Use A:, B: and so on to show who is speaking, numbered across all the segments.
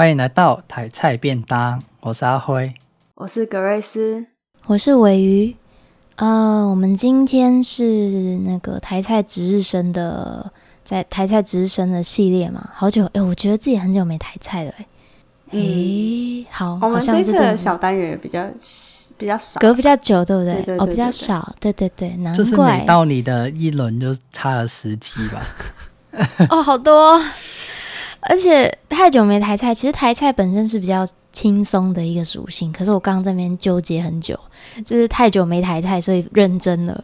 A: 歡迎來到抬菜便當，我是阿輝，我是格瑞斯，我是
B: 尾魚。嗯、呃，我們今天是那個抬菜值日生的，在抬菜值日生的系列嘛，好久哎、欸，我覺得自己很久沒抬菜了哎、欸。
C: 誒、嗯欸，好，我們這次小單元比較比較少、啊，隔比較久對不對，對，對，對，對，對？哦，比較少，
B: 對對，對對對，難怪。就是每
A: 到你的一輪就差了十幾吧？
B: 哦，好多。而且太久沒抬菜，其實抬菜本身是比較輕鬆的一個屬性。可是我剛剛在那邊糾結很久，就是太久沒抬菜，所以認真了，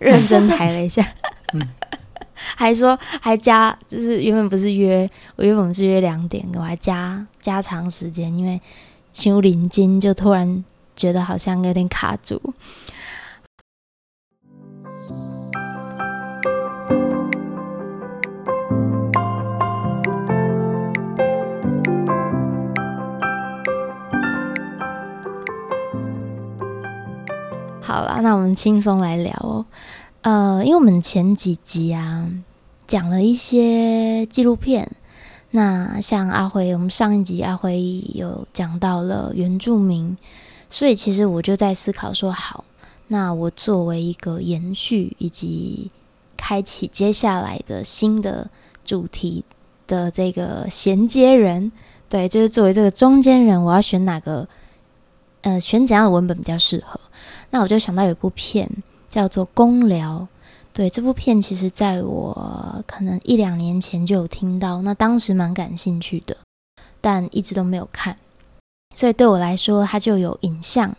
A: 認真抬
B: 了一下， 嗯、還說還加，就是原本不是約，我原本不是約兩點，我還加加長時間，因為修靈金就突然覺得好像有點卡住。好啦，那我們輕鬆來聊哦。呃，因為我們前幾集啊講了一些紀錄片，那像阿輝，我們上一集阿輝有講到了原住民，所以其實我就在思考說，好，那我作為一個延續以及開啟接下來的新的主題的這個銜接人，對，就是作為這個中間人，我要選哪個，呃，選怎樣的文本比較適合？那我就想到有一部片叫做《工寮》，對這部片，其實在我可能一兩年前就有聽到，那當時蠻感興趣的，但一直都沒有看，所以對我來說，它就有影像、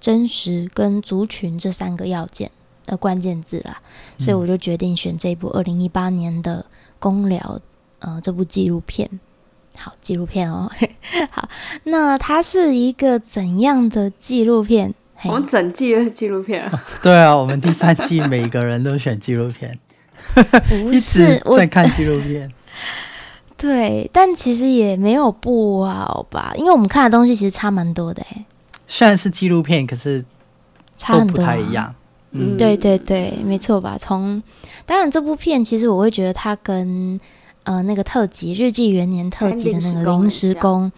B: 真實跟族群這三個要件呃關鍵字啦、嗯，所以我就決定選這部二零一八年的《工寮》呃這部紀錄片，好紀錄片哦， 好，那它是一個怎樣的紀錄片？
C: 我們整季都是紀錄片。
A: 對啊，我們第三季每個人都選紀錄片， 不是 一直在看紀錄片。
B: 對，但其實也沒有不好吧，因為我們看的東西其實差蠻多的哎、欸。
A: 雖然是紀錄片，可是都不太一樣。差很多啊。嗯，對
B: 對對，沒錯吧？從當然這部片，其實我會覺得它跟呃那個特輯《日記元年》特輯的那個臨時工，工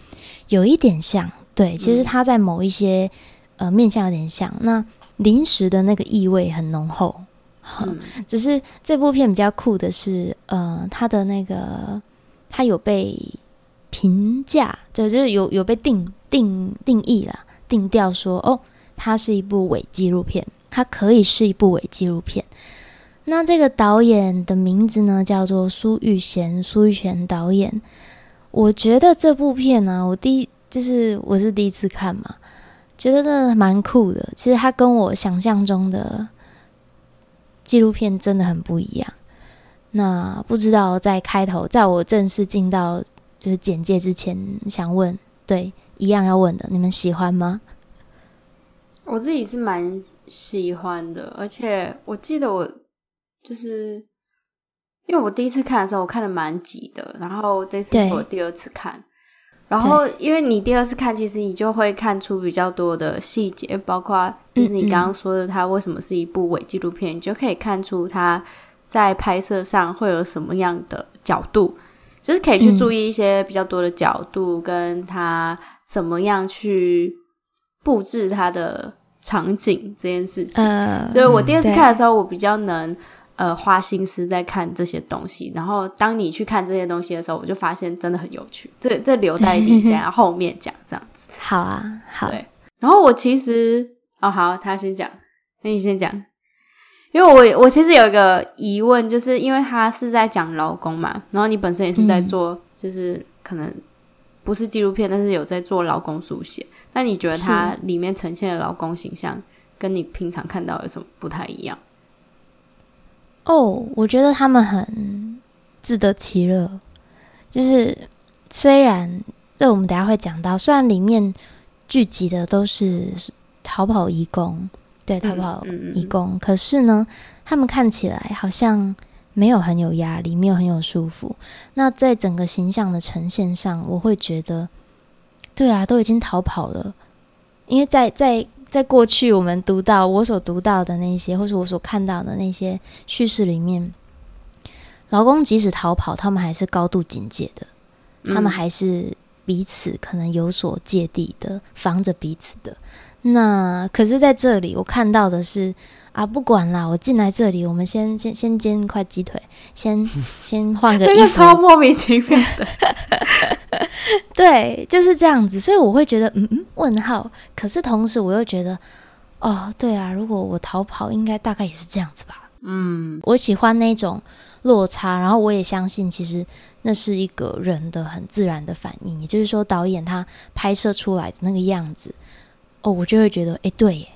B: 有一點像。對，其實它在某一些。嗯呃，面相有點像，那臨時的那個意味很濃厚、嗯。只是這部片比較酷的是，呃，他的那個他有被評價，就就是有有被定定定義啦，定調說哦，它是一部偽紀錄片，它可以是一部偽紀錄片。那這個導演的名字呢，叫做蘇育賢，蘇育賢導演。我覺得這部片呢、啊，我第一就是我是第一次看嘛。覺得真的蠻酷的。其實它跟我想象中的紀錄片真的很不一樣。那不知道在開頭，在我正式進到就是簡介之前，想問，對，一樣要問的，你們喜歡嗎？
C: 我自己是蠻喜歡的，而且我記得我就是因為我第一次看的時候，我看的蠻急的。然後這次是我第二次看。然後，因為你第二次看，其實你就會看出比較多的細節，包括就是你剛剛說的，它為什麼是一部偽紀錄片，嗯，你就可以看出它在拍攝上會有什麼樣的角度，就是可以去注意一些比較多的角度，跟它怎麼樣去布置它的場景這件事情。嗯。所以我第二次看的時候，我比較能。呃，花心思在看這些東西，然後當你去看這些東西的時候，我就發現真的很有趣。這這留待你等一下後面講， 這樣子。
B: 好啊，好。對。
C: 然後我其實，哦，好，他先講，那你先講。因為我我其實有一個疑問，就是因為他是在講勞工嘛，然後你本身也是在做，嗯、就是可能不是紀錄片，但是有在做勞工書寫。那你覺得它裡面呈現的勞工形象，跟你平常看到有什麼不太一樣？
B: 哦、oh，我覺得他們很自得其樂，就是雖然，這我們等下會講到，雖然裡面聚集的都是逃跑移工，對，逃跑移工，可是呢，他們看起來好像沒有很有壓力，沒有很有舒服。那在整個形象的呈現上，我會覺得，對啊，都已經逃跑了，因為在在。在過去，我們讀到我所讀到的那些，或是我所看到的那些敘事裡面，勞工即使逃跑，他們還是高度警戒的、
A: 嗯，他們還
B: 是彼此可能有所芥蒂的，防着彼此的。那可是，在這裡我看到的是啊，不管啦，我進來這裡，我們先先先煎一塊雞腿，先先換個衣服 超
C: 莫名其妙的，
B: 對，就是這樣子。所以我會覺得，嗯嗯，問號。可是同時，我又覺得，哦，對啊，如果我逃跑，應該大概也是這樣子吧。嗯，我喜歡那種落差，然後我也相信，其實那是一個人的很自然的反應，也就是說，導演他拍攝出來的那個樣子。哦，我就會覺得，哎、欸，對耶，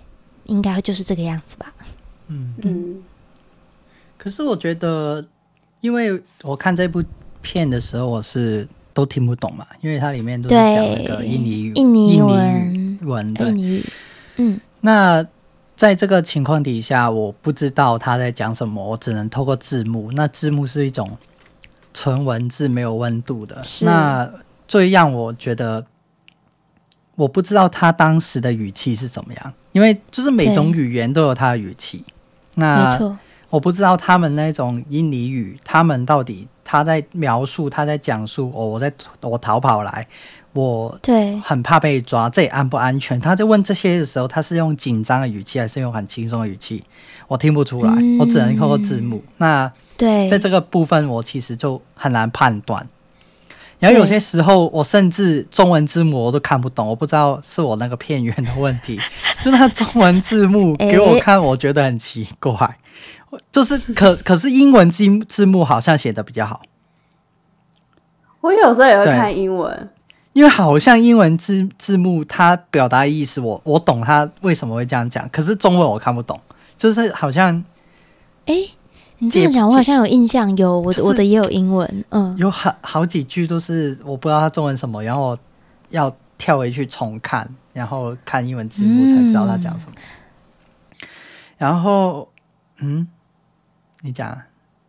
B: 應該就是這個樣
A: 子吧。嗯嗯。可是我覺得，因為我看這部片的時候，我是都聽不懂嘛，因為它裡面都是講那個印尼語、印尼文印尼文的印尼。嗯。那在這個情況底下，我不知道他在講什麼，我只能透過字幕。那字幕是一種純文字，沒有溫度的。是。那最讓我覺得。我不知道他當時的語氣是怎麼樣，因為就是每種語言都有他的語氣。那，沒錯，我不知道他們那種印尼語，他們到底他在描述，他在講述，哦，我在我逃跑來，我對，很怕被抓，這也安不安全？他在問這些的時候，他是用緊張的語氣，還是用很輕鬆的語氣？我聽不出來，嗯、我只能看字幕、嗯。那，
B: 對，在
A: 這個部分，我其實就很難判斷。然後有些時候，我甚至中文字幕我都看不懂、嗯，我不知道是我那個片源的問題， 就那中文字幕給我看，我覺得很奇怪。欸、就是可可是英文字字幕好像寫的比較好。
C: 我有時候也會看英文，
A: 因為好像英文字字幕，它表達的意思我，我我懂它為什麼會這樣講，可是中文我看不懂，嗯、就是好像，哎、欸。
B: 你這麼講，我好像有印象有我、就是、我的也有
A: 英文，嗯，有好好幾句都是我不知道他中文什麼，然後要跳回去重看，然後看英文字幕才知道他講什麼、嗯。然後，嗯，你講，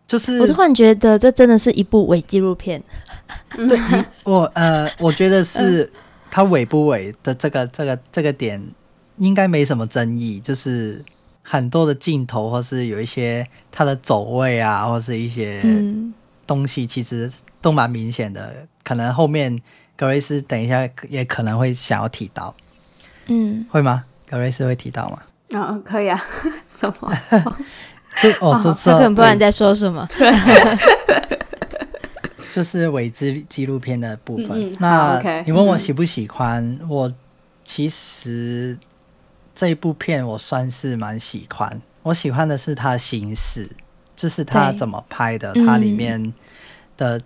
A: 就是我突
B: 然覺得這真的是
A: 一部偽紀錄片。 對， 我呃，我覺得是它偽不偽的這個這個這個點應該沒什麼爭議，就是。很多的鏡頭，或是有一些他的走位啊，或是一些東西，其實都蠻明顯的、嗯。可能後面格瑞斯等一下也可能會想要提到，嗯，會嗎？格瑞斯會提到嗎？嗯、
C: 哦，可以啊。
A: 什麼？ 就哦，說錯了。我可能不知道你在說什麼。對 就是《偽之紀錄片》的部分。嗯嗯那，okay，你問我喜不喜歡？嗯、我其實。這一部片我算是蠻喜歡，我喜歡的是它的形式，就是它怎麼拍的，它裡面的。嗯、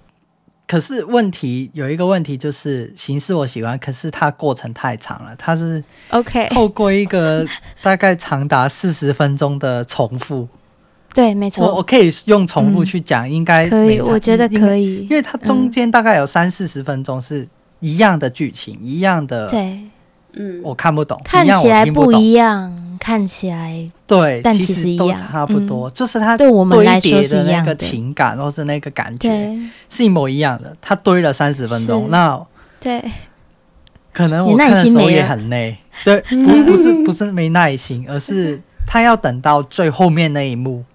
A: 可是問題有一個問題就是形式我喜歡，可是它過程太長了，它是 OK。透過一個大概長達四十分鐘的重複，
B: 對，沒錯。我我
A: 可以用重複去講、嗯，應該可以，我覺得
B: 可以，因為它中
A: 間大概有三四十分鐘是一樣的劇情、嗯，一樣的。對。嗯，我看不懂，看起來不一樣，一
B: 樣看起來
A: 對，但其實,其實都差不多、嗯，就是他對我們來說的、就是、那個情感、嗯，或是那個感覺，是一模一樣的。他堆了三十分鐘，那對，可能我看的時候我也很累，對，不不是不是沒耐心， 而是他要等到最後面那一幕，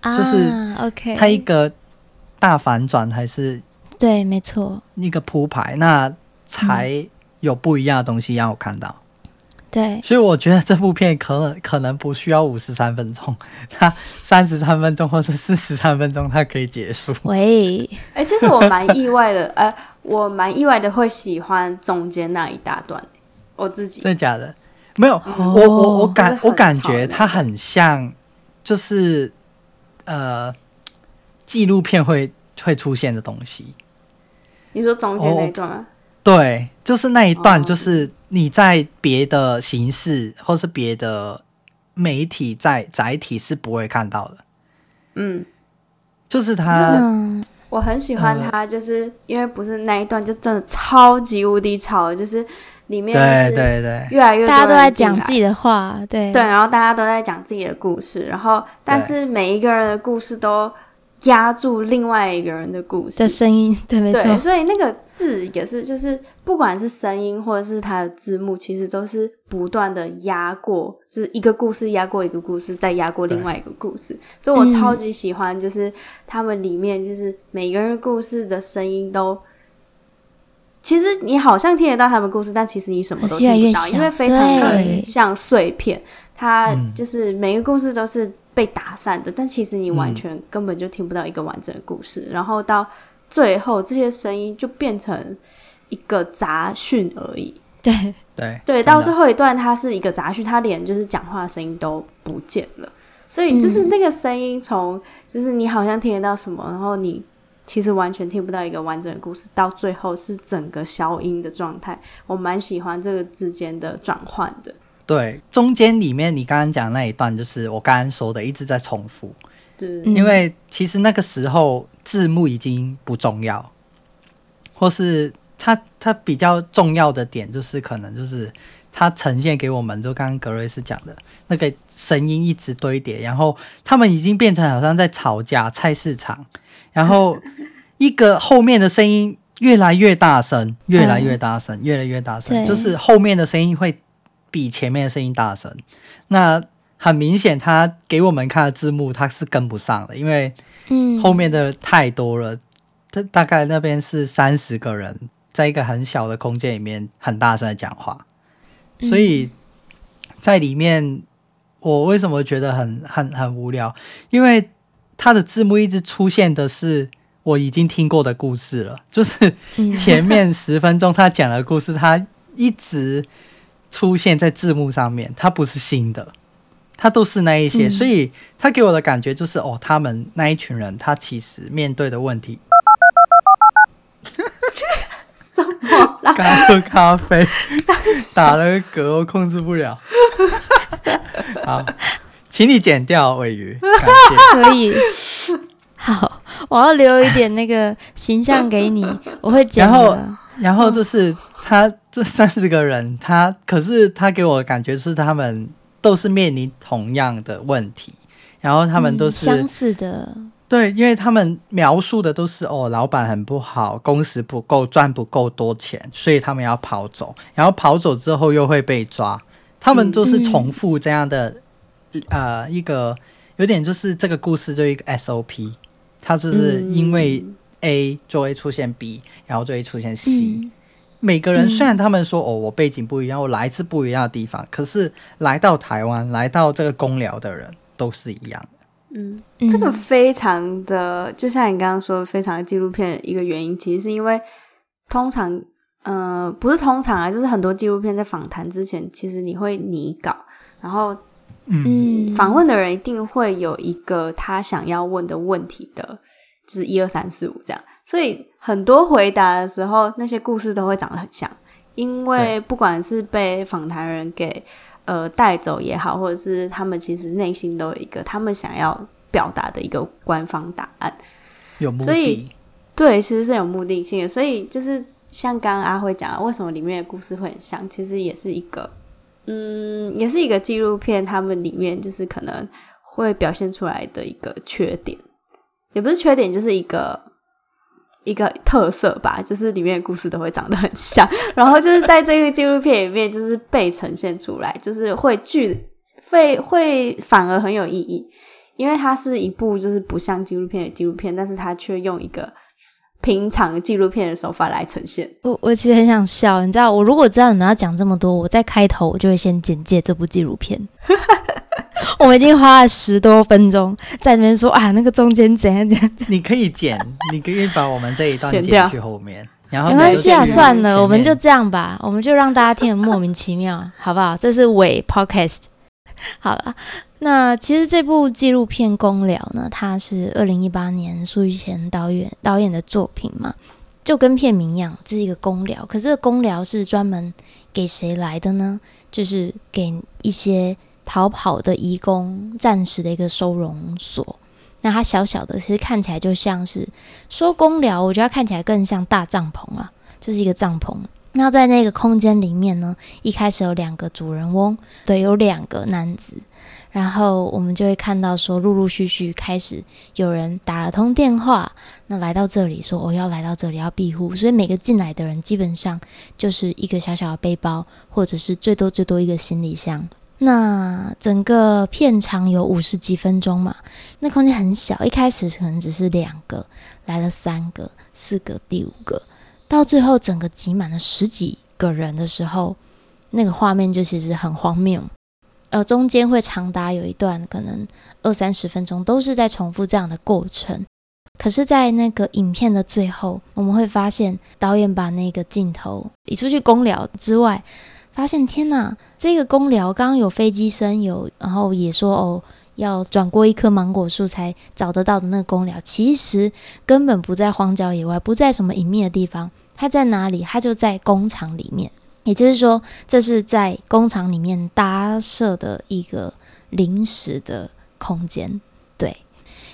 A: 啊、就是
B: OK，他一個
A: 大反轉，還是
B: 對，沒錯，
A: 一個鋪排，那才、嗯。有不一樣的東西讓我看到，
B: 對，
A: 所以我覺得這部片可能可能不需要五十三分鐘，它三十三分鐘或是四十三分鐘，它可以結束。喂，哎、
C: 欸，其實我蠻意外的， 呃，我蠻意外的會喜歡中間那一大
A: 段、欸，我自己真的假的？沒有，嗯，我我我感、哦、我感覺它很像，就是呃，紀錄片會會出現的東西。
C: 你說中間那一段嗎？哦
A: 對，就是那一段，就是你在別的形式或是別的媒體在載體是不會看到的。嗯，就是他，是
C: 我很喜歡他，就是因為不是那一段就真的超級無敵吵，呃，就是裡面是越越對對
A: 對，越來越大家
C: 都在講自己的話，對對，然後大家都在講自己的故事，然後但是每一個人的故事都。壓住另外一個人的故事的聲
B: 音，對，對，沒錯。
C: 所以那個字也是，就是不管是聲音或者是他的字幕，其實都是不斷的壓過，就是一個故事壓過一個故事，再壓過另外一個故事。所以我超級喜歡，就是他們裡面就是每個人故事的聲音都、嗯，其實你好像聽得到他們故事，但其實你什麼都聽不到，越越因為非常的像碎片。他就是每個故事都是。被打散的，但其實你完全根本就聽不到一個完整的故事。嗯、然後到最後，這些聲音就變成一個雜訊而已。對對對，到最後一段，它是一個雜訊，它連就是講話聲音都不見了。所以就是那個聲音從，就是你好像聽得到什麼、嗯，然後你其實完全聽不到一個完整的故事。到最後是整個消音的狀態。我蠻喜歡這個之間的轉換的。
A: 對，中間裡面你剛剛講的那一段，就是我剛剛說的一直在重複。
C: 對，因為
A: 其實那個時候字幕已經不重要，或是它它比較重要的點就是，可能就是它呈現給我們，就剛剛格瑞斯講的那個聲音一直堆疊，然後他們已經變成好像在吵架菜市場，然後一個後面的聲音越來越大聲，越來越大聲，嗯、越來越大聲，越來越大聲，就是後面的聲音會。比前面的聲音大聲，那很明顯，他給我們看的字幕他是跟不上的。因為後面的太多了。他、嗯、大概那邊是三十個人，在一個很小的空間裡面很大聲的講話，所以在裡面，我為什麼覺得很很很無聊？因為他的字幕一直出現的是我已經聽過的故事了，就是前面十分鐘他講的故事，他一直。出現在字幕上面，它不是新的，它都是那一些，嗯、所以他給我的感覺就是，哦，他們那一群人，他其實面對的問題，我 哈，剛剛喝咖啡， 打了個嗝，我控制不了，好，請你剪掉尾魚感謝，可
B: 以，好，我要留一點那個形象給你， 我會剪掉
A: 然後就是他這三十個人，他可是他給我的感覺是，他們都是面臨同樣的問題，然後他們都是、嗯、相
B: 似的。
A: 對，因為他們描述的都是哦，老闆很不好，工時不夠，賺不夠多錢，所以他們要跑走。然後跑走之後又會被抓，他們就是重複這樣的、嗯嗯、呃一個，有點就是這個故事就一個 SOP，他就是因為。嗯 A 就會出現 B，然後就會出現 C。嗯、
B: 每個人、嗯、雖然
A: 他們說哦，我背景不一樣，我來自不一樣的地方，可是來到台灣，來到這個工寮的人，都是一樣的。
C: 嗯，這個非常的、嗯，就像你剛剛說，非常的紀錄片一個原因，其實是因為通常，呃，不是通常啊，就是很多紀錄片在訪談之前，其實你會擬稿，然後，嗯，訪問的人一定會有一個他想要問的問題的。就是一二三四五這樣，所以很多回答的時候，那些故事都會長得很像，因為不管是被訪談人給呃帶走也好，或者是他們其實內心都有一個他們想要表達的一個官方答案。有目的，所以對，其實是有目的性的。所以就是像剛剛阿輝講的，為什麼裡面的故事會很像，其實也是一個嗯，也是一個紀錄片，他們裡面就是可能會表現出來的一個缺點。也不是缺點，就是一個一個特色吧，就是裡面的故事都會長得很像，然後就是在這個紀錄片裡面，就是被呈現出來，就是會具會會反而很有意義，因為它是一部就是不像紀錄片的紀錄片，但是它卻用一個。平常紀錄片的手法來呈現。
B: 我我其實很想笑，你知道，我如果知道你們要講這麼多，我在開頭我就會先簡介這部紀錄片。 我們已經花了十多分鐘在裡面說 啊，那個中間怎樣怎樣。你可以
A: 剪。 你可以把我們這一段剪掉去後面。然後沒關係啊，算了，我們就
B: 這樣吧， 我們就讓大家聽得莫名其妙，好不好？這是尾 Podcast。好了，那其實這部紀錄片《工寮》呢，它是二零一八年蘇育賢導演導演的作品嘛，就跟片名一樣，這是一個工寮。可是這個工寮是專門給誰來的呢？就是給一些逃跑的移工暫時的一個收容所。那它小小的，其實看起來就像是說工寮，我覺得它看起來更像大帳篷啊，就是一個帳篷。那在那個空間裡面呢，一開始有兩個主人翁，對，有兩個男子，然後我們就會看到說，陸陸續續開始有人打了通電話，那來到這裡說我、哦、要來到這裡要庇護，所以每個進來的人基本上就是一個小小的背包，或者是最多最多一個行李箱。那整個片長有五十幾分鐘嘛，那空間很小，一開始可能只是兩個，來了三個、四個、第五個。到最後，整個擠滿了十幾個人的時候，那個畫面就其實很荒謬。而中間會長達有一段，可能二三十分鐘都是在重複這樣的過程。可是，在那個影片的最後，我們會發現導演把那個鏡頭移出去工寮之外，發現天哪，這個工寮剛剛有飛機聲，有然後也說哦。要轉過一棵芒果樹才找得到的那個工寮，其實根本不在荒郊野外，不在什麼隱秘的地方，它在哪裡？它就在工廠裡面。也就是說，這是在工廠裡面搭設的一個臨時的空間。對，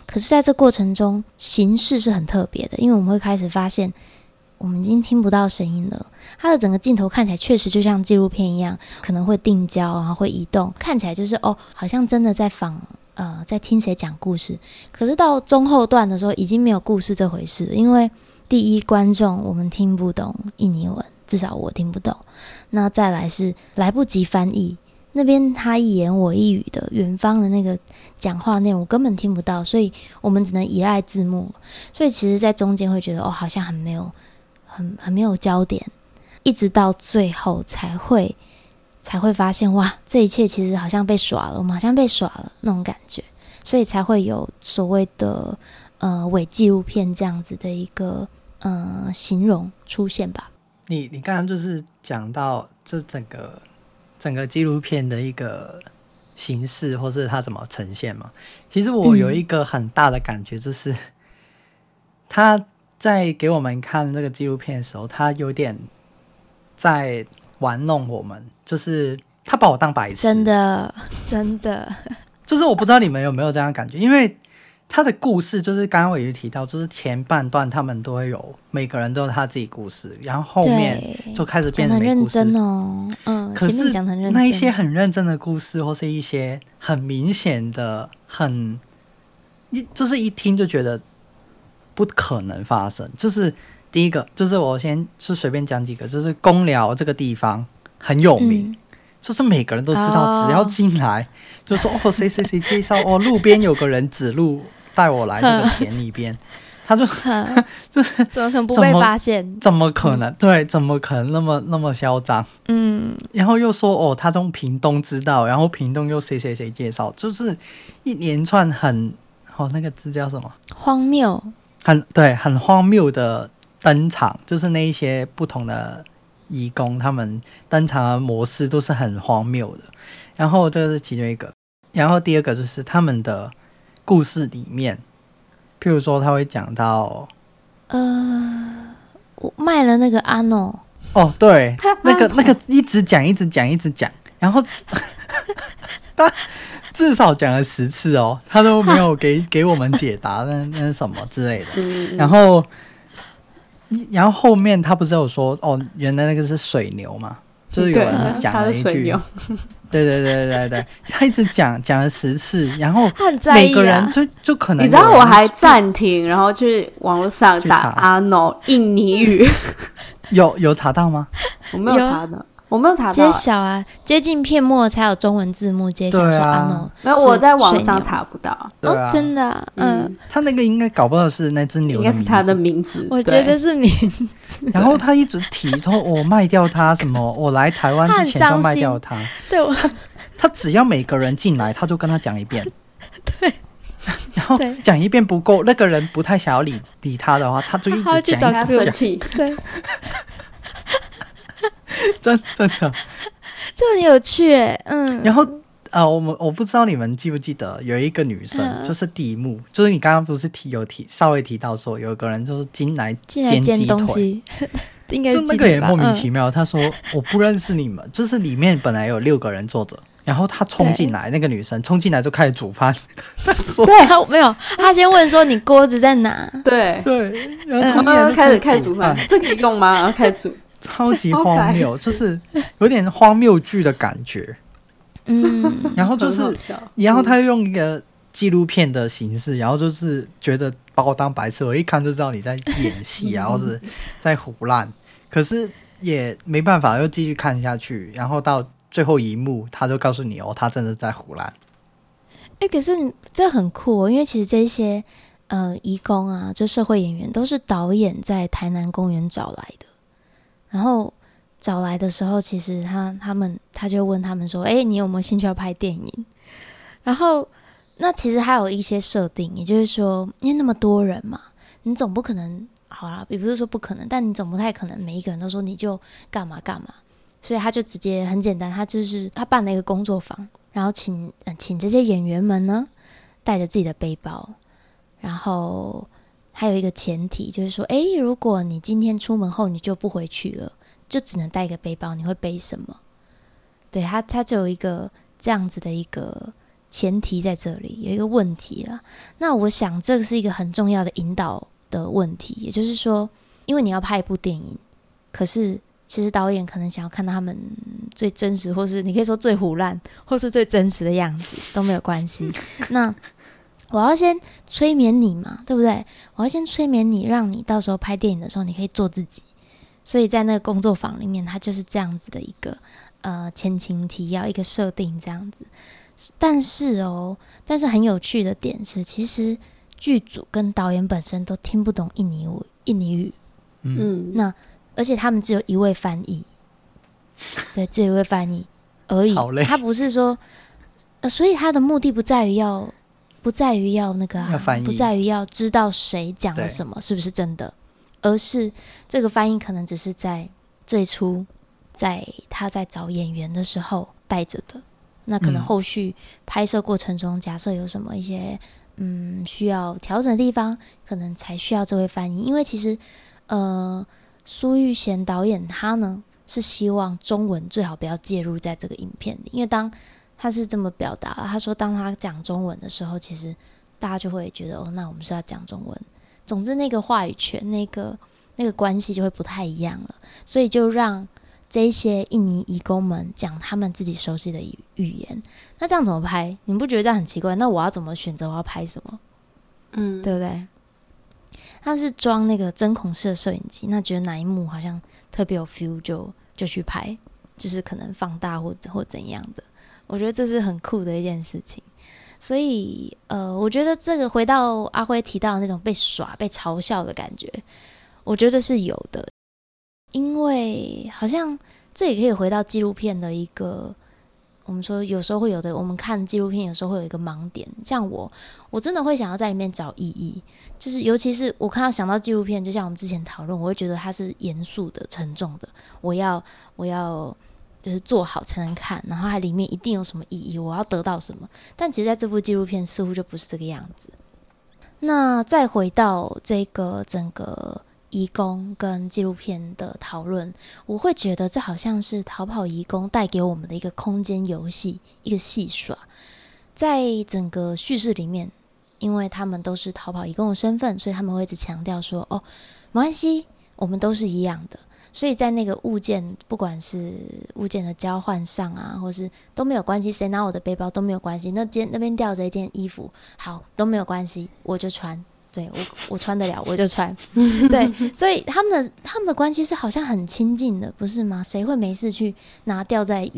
B: 可是，在這過程中，形式是很特別的，因為我們會開始發現。我們已經聽不到聲音了。它的整個鏡頭看起來確實就像紀錄片一樣，可能會定焦，啊，然後會移動，看起來就是哦，好像真的在訪呃，在聽誰講故事。可是到中後段的時候，已經沒有故事這回事，因為第一觀眾我們聽不懂印尼文，至少我聽不懂。那再來是來不及翻譯，那邊他一言我一語的，遠方的那個講話內容我根本聽不到，所以我們只能依賴字幕。所以其實，在中間會覺得哦，好像很沒有。很很沒有焦點，一直到最後才會才會發現，哇，這一切其實好像被耍了，我們好像被耍了那種感覺，所以才會有所謂的呃偽紀錄片這樣子的一個嗯、呃、形容出現吧。
A: 你你剛剛就是講到這整個整個紀錄片的一個形式，或是它怎麼呈現嘛？其實我有一個很大的感覺，就是、嗯、它。在給我們看那個紀錄片的時候，他有點在玩弄我們，就是他把我當白痴，真的，真的。 就是我不知道你們有沒有這樣的感覺，因為他的故事就是剛剛我也提到，就是前半段他們都會有每個人都有他自己故事，然後後面就開始變得很認
B: 真哦，嗯，可是那一些
A: 很認真的故事或是一些很明顯的很一就是一聽就覺得。不可能發生，就是第一個，就是我先就隨便講幾個，就是工寮這個地方很有名，嗯、就是每個人都知道，哦、只要進來就說哦，誰誰誰介紹，哦，誰誰誰 哦路邊有個人指路帶我來這個田裡邊，他就就是怎麼可能不被發現？怎麼可能、麼可能？嗯？對，怎麼可能那麼那麼囂張？嗯，然後又說哦，他從屏東知道，然後屏東又誰誰誰介紹，就是一連串很好、哦、那個字叫什麼？
B: 荒謬。
A: 很對，很荒謬的登場，就是那一些不同的移工，他們登場的模式都是很荒謬的。然後這個是其中一個，然後第二個就是他們的故事裡面，譬如說他會講到，呃，我賣了那個阿諾。哦，對，那個那個一直講一直講一直講，然後。 至少講了十次哦，他都沒有給給我們解答， 那那什麼之類的、嗯。然後，然後後面他不是有說哦，原來那個是水牛嘛、嗯啊，就是有人講了一句， 對對對對對，他一直講講了十次，然後每個人就、啊、就，就可能你知道我還
C: 暫停，然後去網絡上打阿諾、啊啊、印尼語，
A: 有有查到嗎？ 我沒有查到。
C: 我沒有
B: 查到、欸，揭曉啊！接近片末才有中文字幕揭曉啊說啊我在網上
C: 查
A: 不到，哦啊、真的、啊，嗯，他那個應該搞不好是那隻牛，應該是他的名字，我覺得是名字。然後他一直提他，我賣掉他什麼？ 我來台灣之前就賣掉他，對。他只要每個人進來，他就跟他講一遍，對。 然後講一遍不夠，那個人不太想要理理他的話，他就一直講他生氣，對。
B: 真真的，這很有趣、欸，嗯。
A: 然後啊、呃，我們我不知道你們記不記得，有一個女生、嗯、就是第一幕，就是你剛剛不是提有提稍微提到說有個人就是進來煎雞腿進來撿東西，
B: 這應該是就這個也莫名其
A: 妙，他、嗯、說我不認識你們。就是裡面本來有六個人坐着，然後他衝進來，那個女生衝進來就開始煮飯。
B: 對，呵呵對沒有，他先問說你鍋子在哪？對對，然後從那、
C: 嗯、開，開，開始開煮飯、嗯，
A: 這可以用嗎？然後開始煮。超級荒謬， 就是有點荒謬劇的感覺。嗯，然後就是，然後他又用一個紀錄片的形式，嗯、然後就是覺得把我當白痴，我一看就知道你在演戲啊，或、嗯、者在唬爛。可是也沒辦法，又繼續看下去。然後到最後一幕，他就告訴你哦，他真的在唬爛。
B: 哎、欸，可是這很酷、哦，因為其實這些呃，移工啊，就社會演員都是導演在台南公園找來的。然後找來的時候，其實他他們他就問他們說：“哎、欸，你有沒有興趣要拍電影？”然後那其實還有一些設定，也就是說，因為那麼多人嘛，你總不可能好啦，也不是說不可能，但你總不太可能每一個人都說你就幹嘛幹嘛。所以他就直接很簡單，他就是他辦了一個工作坊，然後請、呃、請這些演員們呢帶着自己的背包，然後。還有一個前提就是說，誒、欸，如果你今天出門後你就不回去了，就只能帶一個背包，你會背什麼？對，他，他就有一個這樣子的一個前提在這裡，有一個問題了。那我想這個是一個很重要的引導的問題，也就是說，因為你要拍一部電影，可是其實導演可能想要看到他們最真實，或是你可以說最唬爛，或是最真實的樣子都沒有關係。 那我要先催眠你嘛，對不對？我要先催眠你，讓你到時候拍電影的時候，你可以做自己。所以在那個工作坊裡面，它就是這樣子的一個呃前情提要、一個設定這樣子。但是哦，但是很有趣的點是，其實劇組跟導演本身都聽不懂印尼語，印尼語。嗯。那而且他們只有一位翻譯， 對，只有一位翻譯而已。好嘞。他不是說，呃，所以他的目的不在於要。不在於要那個、啊要，不在於要知道誰講了什麼是不是真的，而是這個翻譯可能只是在最初，在他在找演員的時候帶着的。那可能後續拍攝過程中，假設有什麼一些嗯，嗯需要調整的地方，可能才需要這位翻譯。因為其實呃，蘇育賢導演他呢是希望中文最好不要介入在這個影片裡，因為當他是這麼表達，他說：“當他講中文的時候，其實大家就會覺得，哦，那我們是要講中文。總之，那個話語權，那個那個關係就會不太一樣了。所以，就讓這些印尼移工們講他們自己熟悉的語言。那這樣怎麼拍？你們不覺得這樣很奇怪？那我要怎麼選擇？我要拍什麼？嗯，對不對？他是裝那個針孔式的攝影機，那覺得哪一幕好像特別有 feel，就就去拍，就是可能放大或或怎樣的。”我覺得這是很酷的一件事情，所以呃，我覺得這個回到阿輝提到的那種被耍、被嘲笑的感覺，我覺得是有的，因為好像這也可以回到紀錄片的一個，我們說有時候會有的，我們看紀錄片有時候會有一個盲點，像我，我真的會想要在裡面找意義，就是尤其是我看到想到紀錄片，就像我們之前討論，我會覺得它是嚴肅的、沉重的，我要，我要。就是做好才能看，然後它裡面一定有什麼意義，我要得到什麼？但其實在這部紀錄片似乎就不是這個樣子。那再回到這個整個移工跟紀錄片的討論，我會覺得這好像是逃跑移工帶給我們的一個空間遊戲，一個戲耍。在整個敘事裡面，因為他們都是逃跑移工的身份，所以他們會一直強調說：“哦，沒關係，我們都是一樣的。”所以在那個物件，不管是物件的交換上啊，或是都沒有關係，誰拿我的背包都沒有關係。那件那邊吊着一件衣服，好，都沒有關係，我就穿。對，我我穿得了，我就穿。 對，所以他們的他們的關係是好像很親近的，不是嗎？誰會沒事去拿吊在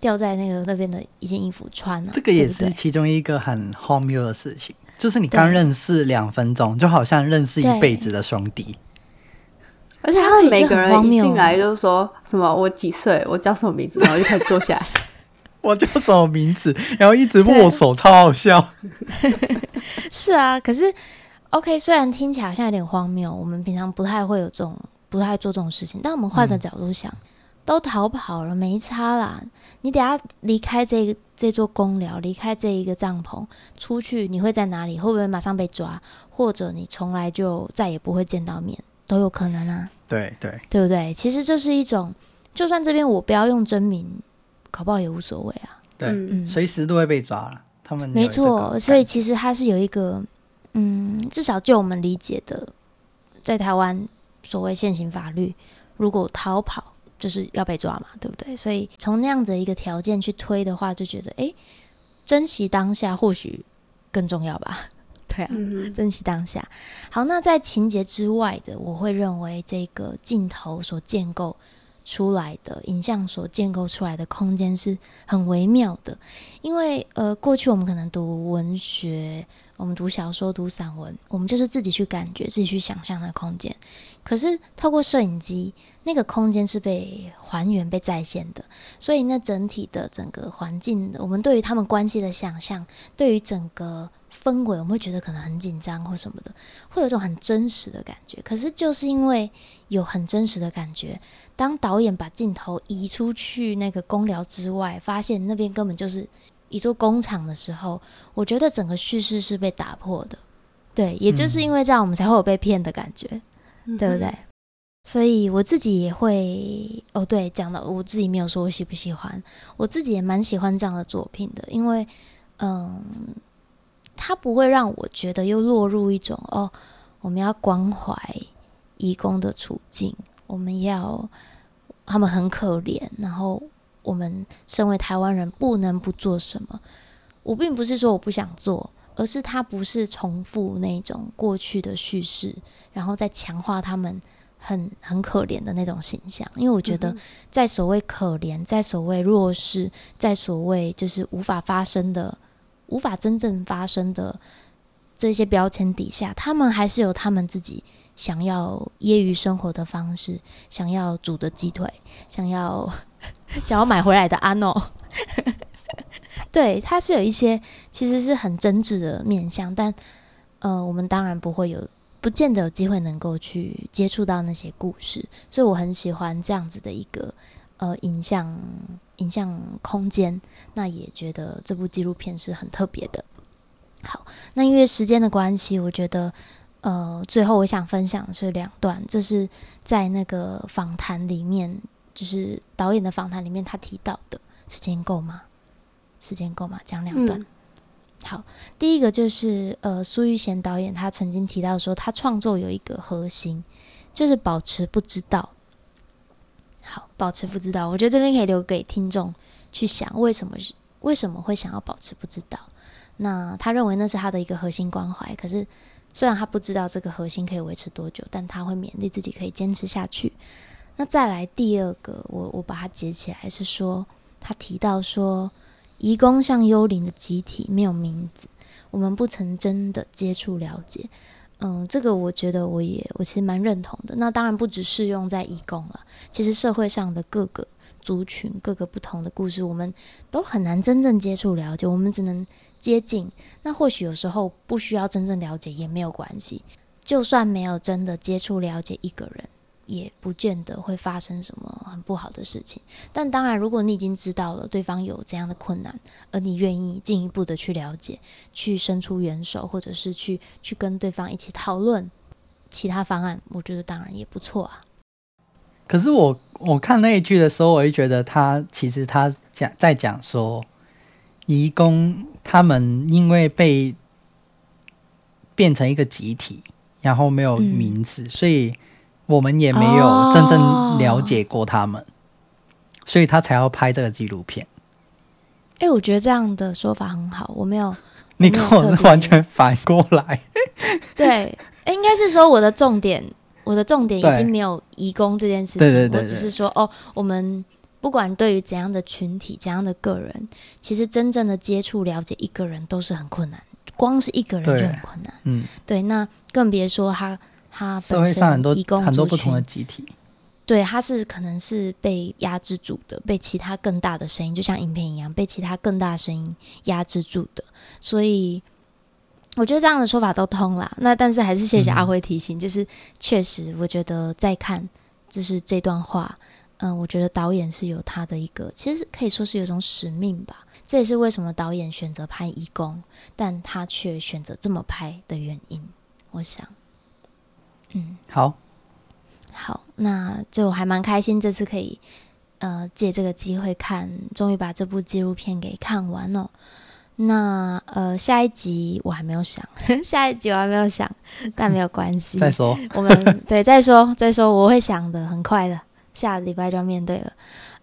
B: 吊在那個那邊的一件衣服穿呢、啊？這個也是對不對
A: 其中一個很荒謬的事情，就是你剛認識兩分鐘，就好像認識一輩子的兄弟。
C: 而且他們每個人一進來就是說什麼我幾歲，我叫什麼名字，然後就開始坐下來。
A: 我叫什麼名字？然後一直握我手， 超好笑。
B: 是啊，可是 OK，雖然聽起來好像有點荒謬，我們平常不太會有這種不太做這種事情。但我們換個角度想，嗯、都逃跑了沒差啦。你等下離開這個這座工寮，離開這一個帳篷，出去你會在哪裡？會不會馬上被抓？或者你從來就再也不會見到面？都有可能啊，
A: 對對，
B: 對不對？其實就是一種，就算這邊我不要用真名，搞不好也無所謂啊。對，嗯、
A: 隨時都會被抓了。他們個個沒錯，
B: 所以其實他是有一個，嗯，至少就我們理解的，在台灣所謂現行法律，如果逃跑就是要被抓嘛，對不對？所以從那樣子的一個條件去推的話，就覺得，哎，珍惜當下或許更重要吧。對啊、嗯，珍惜當下。好，那在情節之外的，我會認為這個鏡頭所建構出來的影像所建構出來的空間是很微妙的，因為呃，過去我們可能讀文學，我們讀小說、讀散文，我們就是自己去感覺、自己去想象那個空間。可是透過攝影機，那個空間是被還原、被再現的，所以那整體的整個環境的，我們對於他們關係的想象，對於整個。氛圍我們會覺得可能很緊張或什麼的，會有一種很真實的感覺。可是就是因為有很真實的感覺，當導演把鏡頭移出去那個工寮之外，發現那邊根本就是一座工廠的時候，我覺得整個敘事是被打破的。對，也就是因為這樣，我們才會有被騙的感覺，嗯、對不對、嗯？所以我自己也會哦，對，講到我自己沒有說我喜不喜歡，我自己也蠻喜歡這樣的作品的，因為嗯。他不會讓我覺得又落入一種哦，我們要關懷移工的處境，我們要他們很可憐，然後我們身為台灣人不能不做什麼。我並不是說我不想做，而是他不是重複那種過去的敘事，然後再強化他們很很可憐的那種形象。因為我覺得在所謂可憐，在所謂弱勢，在所謂就是無法發生的。無法真正發生的這些標籤底下，他們還是有他們自己想要業餘生活的方式，想要煮的雞腿，想要想要買回來的阿諾。 對，他是有一些其實是很真摯的面向，但呃，我們當然不會有，不見得有機會能夠去接觸到那些故事，所以我很喜歡這樣子的一個呃影像。影像空間，那也覺得這部紀錄片是很特別的。好，那因為時間的關係，我覺得呃，最後我想分享的是兩段，這是在那個訪談裡面，就是導演的訪談裡面他提到的。時間夠嗎？時間夠嗎？講兩段、嗯。好，第一個就是呃，蘇育賢導演他曾經提到說，他創作有一個核心，就是保持不知道。好，保持不知道，我覺得這邊可以留給聽眾去想，為什麼為什麼會想要保持不知道？那他認為那是他的一個核心關懷，可是雖然他不知道這個核心可以維持多久，但他會勉勵自己可以堅持下去。那再來第二個，我我把它截起來是說，他提到說，移工像幽靈的集體，沒有名字，我們不曾真的接觸了解。嗯，這個我覺得我也我其實蠻認同的。那當然不只適用在移工了、啊，其實社會上的各個族群、各個不同的故事，我們都很難真正接觸了解，我們只能接近。那或許有時候不需要真正了解也沒有關係，就算沒有真的接觸了解一個人。也不見得會發生什麼很不好的事情，但當然，如果你已經知道了對方有這樣的困難，而你願意進一步的去了解、去伸出援手，或者是去去跟對方一起討論其他方案，我覺得當然也不錯啊。
A: 可是我我看那一句的時候，我就覺得他其實他講在講說，移工他們因為被變成一個集體，然後沒有名字，嗯、所以。我們也沒有真正了解過他們，oh. 所以他才要拍這個紀錄片。
B: 哎、欸，我覺得這樣的說法很好。我沒有，
A: 沒有，你跟我完全反過來。
B: 對，欸、應該是說我的重點，我的重點已經沒有“移工”這件事情，對對對對對。我只是說，哦，我們不管對於怎樣的群體、怎樣的個人，其實真正的接觸、了解一個人都是很困難。光是一個人就很困難。嗯，對，那更別說他。他本身社會上很多很多不同的
A: 集體，
B: 對，他是可能是被壓制住的，被其他更大的聲音，就像影片一樣，被其他更大的聲音壓制住的。所以我覺得這樣的說法都通啦。那但是還是謝謝阿輝提醒，嗯、就是確實，我覺得再看就是這段話，嗯，我覺得導演是有他的一個，其實可以說是有種使命吧。這也是為什麼導演選擇拍移工，但他卻選擇這麼拍的原因，我想。嗯，好，好，那就還蠻開心，這次可以呃借這個機會看，終於把這部紀錄片給看完了，哦。那呃下一集我還沒有想， 下一集我還沒有想，但沒有關係， 再說，我們，對，再說，再說我會想的，很快的，下禮拜就要面對了。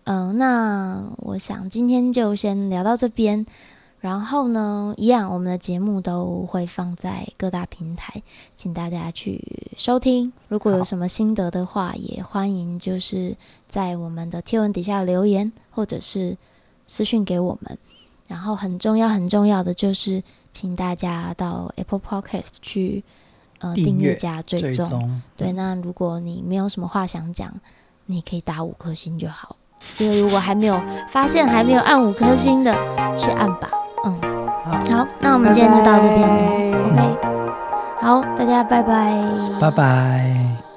B: 嗯，呃，那我想今天就先聊到這邊。然後呢，一樣，我們的節目都會放在各大平台，請大家去收聽。如果有什麼心得的話，也歡迎就是在我們的貼文底下留言，或者是私訊給我們。然後很重要、很重要的就是，請大家到 Apple Podcast 去呃訂閱，訂閱加追蹤最終。對，那如果你沒有什麼話想講，你可以打五顆星就好。就 如果還沒有發現，還沒有按五顆星的，嗯，去按吧。嗯，好，那我們今天就到這邊了。拜拜。OK，好，大家拜拜，拜
A: 拜。